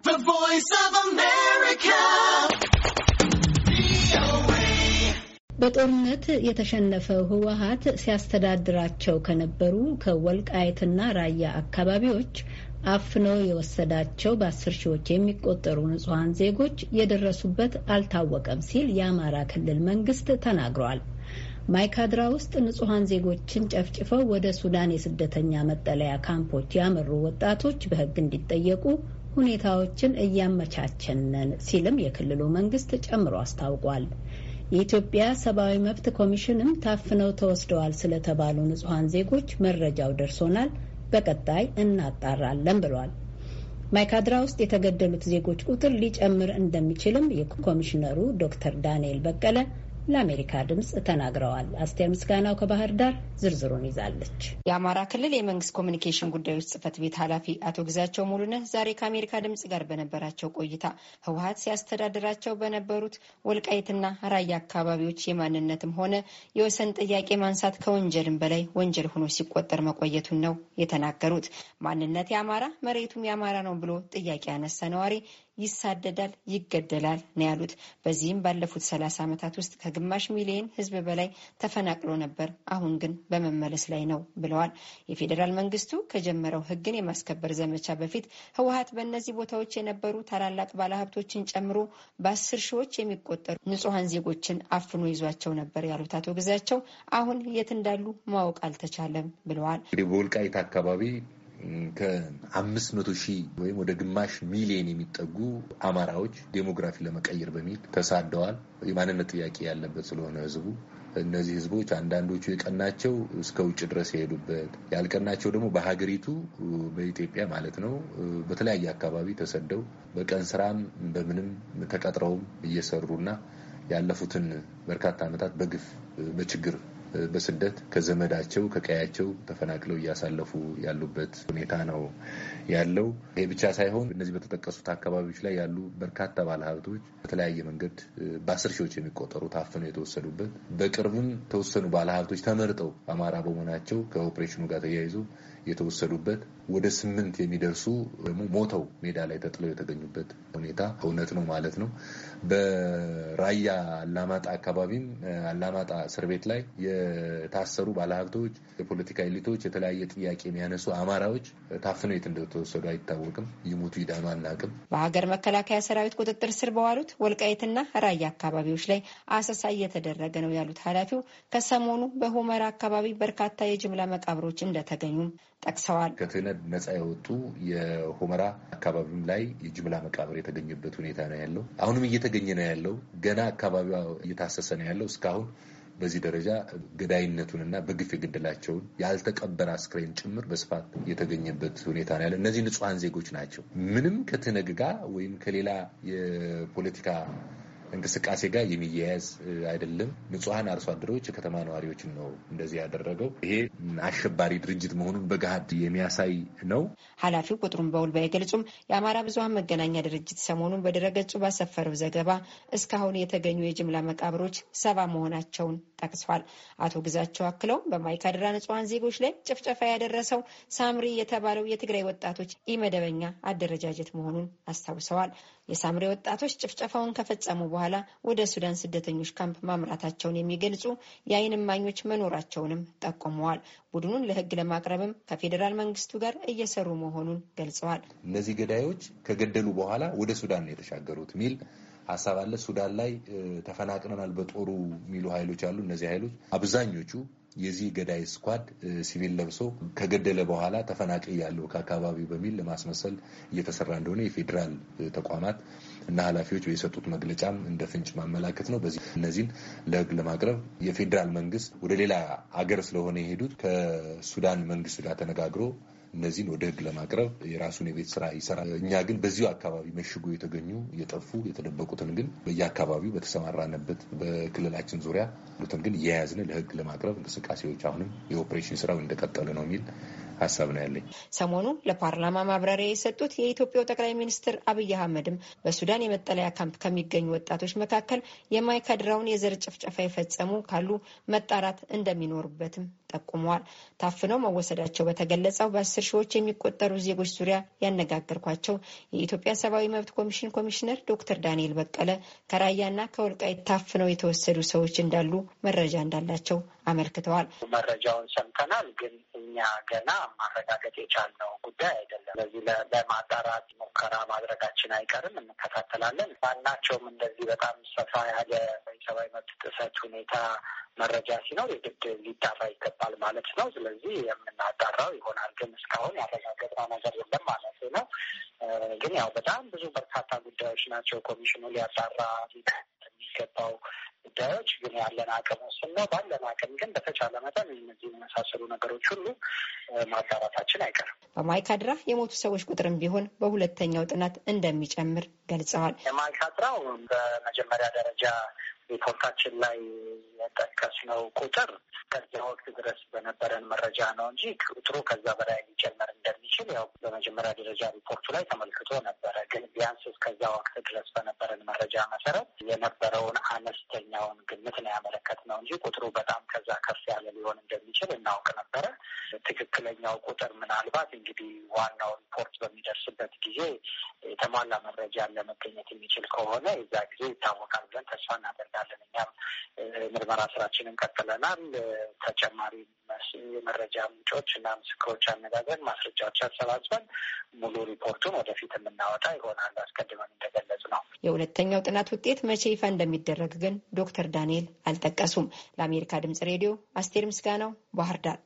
The Voice of America. በጦርነት የተሸነፈው ህወሀት ሲያስተዳድራቸው ከነበሩ ከወልቃየትና ራያ አካባቢዎች አፍኖ የወሰዳቸው በአስር ሺዎች የሚቆጠሩ ንጹሐን ዜጎች የደረሱበት አልታወቀም ሲል የአማራ ክልል መንግስት ተናግሯል። ማይካድራ ውስጥ ንጹሐን ዜጎችን ጨፍጭፈው ወደ ሱዳን የስደተኛ መጠለያ ካምፖች ያመሩ ወጣቶች በህግ እንዲጠየቁ ሁኔታዎችን እያመቻቸነን ሲልም የክልሉ መንግስት ጨምሮ አስታውቋል። የኢትዮጵያ ሰብአዊ መብት ኮሚሽንም ታፍነው ተወስደዋል ስለተባሉ ንጹሐን ዜጎች መረጃው ደርሶናል፣ በቀጣይ እናጣራለን ብሏል። ማይካድራ ውስጥ የተገደሉት ዜጎች ቁጥር ሊጨምር እንደሚችልም የኮሚሽነሩ ዶክተር ዳንኤል በቀለ ለአሜሪካ ድምፅ ተናግረዋል። አስቴር ምስጋናው ከባህር ዳር ዝርዝሩን ይዛለች። የአማራ ክልል የመንግስት ኮሚኒኬሽን ጉዳዮች ጽህፈት ቤት ኃላፊ አቶ ግዛቸው ሙሉነህ ዛሬ ከአሜሪካ ድምፅ ጋር በነበራቸው ቆይታ ህወሀት ሲያስተዳድራቸው በነበሩት ወልቃይትና ራያ አካባቢዎች የማንነትም ሆነ የወሰን ጥያቄ ማንሳት ከወንጀልም በላይ ወንጀል ሆኖ ሲቆጠር መቆየቱን ነው የተናገሩት። ማንነት የአማራ መሬቱም የአማራ ነው ብሎ ጥያቄ ያነሳ ነዋሪ ይሳደዳል፣ ይገደላል ነው ያሉት። በዚህም ባለፉት ሰላሳ ዓመታት ውስጥ ከግማሽ ሚሊየን ህዝብ በላይ ተፈናቅሎ ነበር። አሁን ግን በመመለስ ላይ ነው ብለዋል። የፌዴራል መንግስቱ ከጀመረው ህግን የማስከበር ዘመቻ በፊት ህወሀት በእነዚህ ቦታዎች የነበሩ ታላላቅ ባለሀብቶችን ጨምሮ በአስር ሺዎች የሚቆጠሩ ንጹሐን ዜጎችን አፍኖ ይዟቸው ነበር ያሉት አቶ ግዛቸው አሁን የት እንዳሉ ማወቅ አልተቻለም ብለዋል። እንግዲህ በወልቃይት አካባቢ ከአምስት መቶ ሺህ ወይም ወደ ግማሽ ሚሊዮን የሚጠጉ አማራዎች ዴሞግራፊ ለመቀየር በሚል ተሳደዋል። የማንነት ጥያቄ ያለበት ስለሆነ ህዝቡ እነዚህ ህዝቦች አንዳንዶቹ የቀናቸው እስከ ውጭ ድረስ የሄዱበት ያልቀናቸው ደግሞ በሀገሪቱ በኢትዮጵያ ማለት ነው በተለያየ አካባቢ ተሰደው በቀን ስራም በምንም ተቀጥረውም እየሰሩና ያለፉትን በርካታ ዓመታት በግፍ በችግር በስደት ከዘመዳቸው ከቀያቸው ተፈናቅለው እያሳለፉ ያሉበት ሁኔታ ነው ያለው። ይሄ ብቻ ሳይሆን እነዚህ በተጠቀሱት አካባቢዎች ላይ ያሉ በርካታ ባለሀብቶች በተለያየ መንገድ በአስር ሺዎች የሚቆጠሩ ታፍነው የተወሰዱበት በቅርብም የተወሰኑ ባለሀብቶች ተመርጠው አማራ በመሆናቸው ከኦፕሬሽኑ ጋር ተያይዞ የተወሰዱበት ወደ ስምንት የሚደርሱ ደግሞ ሞተው ሜዳ ላይ ተጥለው የተገኙበት ሁኔታ እውነት ነው ማለት ነው። በራያ አላማጣ አካባቢም አላማጣ እስር ቤት ላይ የታሰሩ ባለሀብቶች፣ የፖለቲካ ኤሊቶች፣ የተለያየ ጥያቄ የሚያነሱ አማራዎች ታፍነው የት እንደተወሰዱ አይታወቅም። ይሙቱ ይዳኑ አናቅም። በሀገር መከላከያ ሰራዊት ቁጥጥር ስር በዋሉት ወልቃይትና ራያ አካባቢዎች ላይ አሰሳ እየተደረገ ነው ያሉት ኃላፊው ከሰሞኑ በሁመራ አካባቢ በርካታ የጅምላ መቃብሮች እንደተገኙም ጠቅሰዋል። ከትህነግ ነጻ የወጡ የሆመራ አካባቢም ላይ የጅምላ መቃብር የተገኘበት ሁኔታ ነው ያለው። አሁንም እየተገኘ ነው ያለው። ገና አካባቢዋ እየታሰሰ ነው ያለው። እስካሁን በዚህ ደረጃ ገዳይነቱንና በግፍ የገደላቸውን ያልተቀበረ አስክሬን ጭምር በስፋት የተገኘበት ሁኔታ ነው ያለ። እነዚህ ንጹሐን ዜጎች ናቸው። ምንም ከትህነግ ጋር ወይም ከሌላ የፖለቲካ እንቅስቃሴ ጋር የሚያያዝ አይደለም። ንጹሐን አርሶ አደሮች፣ የከተማ ነዋሪዎችን ነው እንደዚህ ያደረገው። ይሄ አሸባሪ ድርጅት መሆኑን በገሃድ የሚያሳይ ነው። ኃላፊው ቁጥሩን በውል ባይገልጹም የአማራ ብዙሀን መገናኛ ድርጅት ሰሞኑን በድረገጹ ባሰፈረው ዘገባ እስካሁን የተገኙ የጅምላ መቃብሮች ሰባ መሆናቸውን ጠቅሷል። አቶ ግዛቸው አክለውም በማይካድራ ንጹሐን ዜጎች ላይ ጭፍጨፋ ያደረሰው ሳምሪ የተባለው የትግራይ ወጣቶች ኢመደበኛ አደረጃጀት መሆኑን አስታውሰዋል። የሳምሬ ወጣቶች ጭፍጨፋውን ከፈጸሙ በኋላ ወደ ሱዳን ስደተኞች ካምፕ ማምራታቸውን የሚገልጹ የአይን እማኞች መኖራቸውንም ጠቁመዋል። ቡድኑን ለህግ ለማቅረብም ከፌዴራል መንግስቱ ጋር እየሰሩ መሆኑን ገልጸዋል። እነዚህ ገዳዮች ከገደሉ በኋላ ወደ ሱዳን ነው የተሻገሩት ሚል ሀሳብ አለ። ሱዳን ላይ ተፈናቅለናል በጦሩ የሚሉ ኃይሎች አሉ። እነዚህ ኃይሎች አብዛኞቹ የዚህ ገዳይ ስኳድ ሲቪል ለብሶ ከገደለ በኋላ ተፈናቃይ ያለው ከአካባቢው በሚል ለማስመሰል እየተሰራ እንደሆነ የፌዴራል ተቋማት እና ኃላፊዎች የሰጡት መግለጫም እንደ ፍንጭ ማመላከት ነው። በዚህ እነዚህን ለህግ ለማቅረብ የፌዴራል መንግስት ወደ ሌላ አገር ስለሆነ የሄዱት ከሱዳን መንግስት ጋር ተነጋግሮ እነዚህን ወደ ህግ ለማቅረብ የራሱን የቤት ስራ ይሰራል። እኛ ግን በዚሁ አካባቢ መሽጎ የተገኙ የጠፉ የተደበቁትን ግን በየአካባቢው በተሰማራንበት በክልላችን ዙሪያ ሉትን ግን እየያዝን ለህግ ለማቅረብ እንቅስቃሴዎች አሁንም የኦፕሬሽን ስራው እንደቀጠለ ነው የሚል ሀሳብ ነው ያለኝ። ሰሞኑ ለፓርላማ ማብራሪያ የሰጡት የኢትዮጵያው ጠቅላይ ሚኒስትር አብይ አህመድም በሱዳን የመጠለያ ካምፕ ከሚገኙ ወጣቶች መካከል የማይካድራውን የዘር ጭፍጨፋ የፈጸሙ ካሉ መጣራት እንደሚኖሩበትም ጠቁመዋል። ታፍነው መወሰዳቸው በተገለጸው በአስር ሺዎች የሚቆጠሩ ዜጎች ዙሪያ ያነጋገርኳቸው የኢትዮጵያ ሰብአዊ መብት ኮሚሽን ኮሚሽነር ዶክተር ዳንኤል በቀለ ከራያና ከወልቃይት ታፍነው የተወሰዱ ሰዎች እንዳሉ መረጃ እንዳላቸው አመልክተዋል። መረጃውን ሰምተናል፣ ግን እኛ ገና ማረጋገጥ የቻልነው ጉዳይ አይደለም። ስለዚህ ለማጣራት ሙከራ ማድረጋችን አይቀርም፣ እንከታተላለን። ማናቸውም እንደዚህ በጣም ሰፋ ያለ የሰብአዊ መብት ጥሰት ሁኔታ መረጃ ሲኖር የግድ ሊጣራ ይገባል ማለት ነው። ስለዚህ የምናጣራው ይሆናል፣ ግን እስካሁን ያረጋገጥነው ነገር የለም ማለት ነው። ግን ያው በጣም ብዙ በርካታ ጉዳዮች ናቸው ኮሚሽኑ ሊያጣራ የሚገባው ጉዳዮች ግን ያለን አቅም ውስን ነው። ባለን አቅም ግን በተቻለ መጠን እነዚህ የመሳሰሉ ነገሮች ሁሉ ማጣራታችን አይቀርም። በማይካድራ የሞቱ ሰዎች ቁጥርም ቢሆን በሁለተኛው ጥናት እንደሚጨምር ገልጸዋል። የማይካድራው በመጀመሪያ ደረጃ ሪፖርታችን ላይ የጠቀስነው ቁጥር ከዚያ ወቅት ድረስ በነበረን መረጃ ነው እንጂ ቁጥሩ ከዛ በላይ ሊጨመር እንደሚችል ያው በመጀመሪያ ደረጃ ሪፖርቱ ላይ ተመልክቶ ነበረ። ግን ቢያንስ እስከዛ ወቅት ድረስ በነበረን መረጃ መሰረት የነበረውን አነስተኛውን ግምት ነው ያመለከት ነው እንጂ ቁጥሩ በጣም ከዛ ከፍ ያለ ሊሆን እንደሚችል እናውቅ ነበረ። ትክክል ትክክለኛው ቁጥር ምናልባት እንግዲህ ዋናው ሪፖርት በሚደርስበት ጊዜ የተሟላ መረጃ ለመገኘት የሚችል ከሆነ የዛ ጊዜ ይታወቃል ብለን ተስፋ እናደርጋለን። እኛም ምርመራ ስራችንን ቀጥለናል። ተጨማሪ የመረጃ ምንጮች እና ምስክሮች አነጋግረን ማስረጃዎች አሰባስበን ሙሉ ሪፖርቱን ወደፊት የምናወጣ ይሆናል። አስቀድመን እንደገለጽ ነው። የሁለተኛው ጥናት ውጤት መቼ ይፋ እንደሚደረግ ግን ዶክተር ዳንኤል አልጠቀሱም። ለአሜሪካ ድምጽ ሬዲዮ አስቴር ምስጋናው ባህር ዳር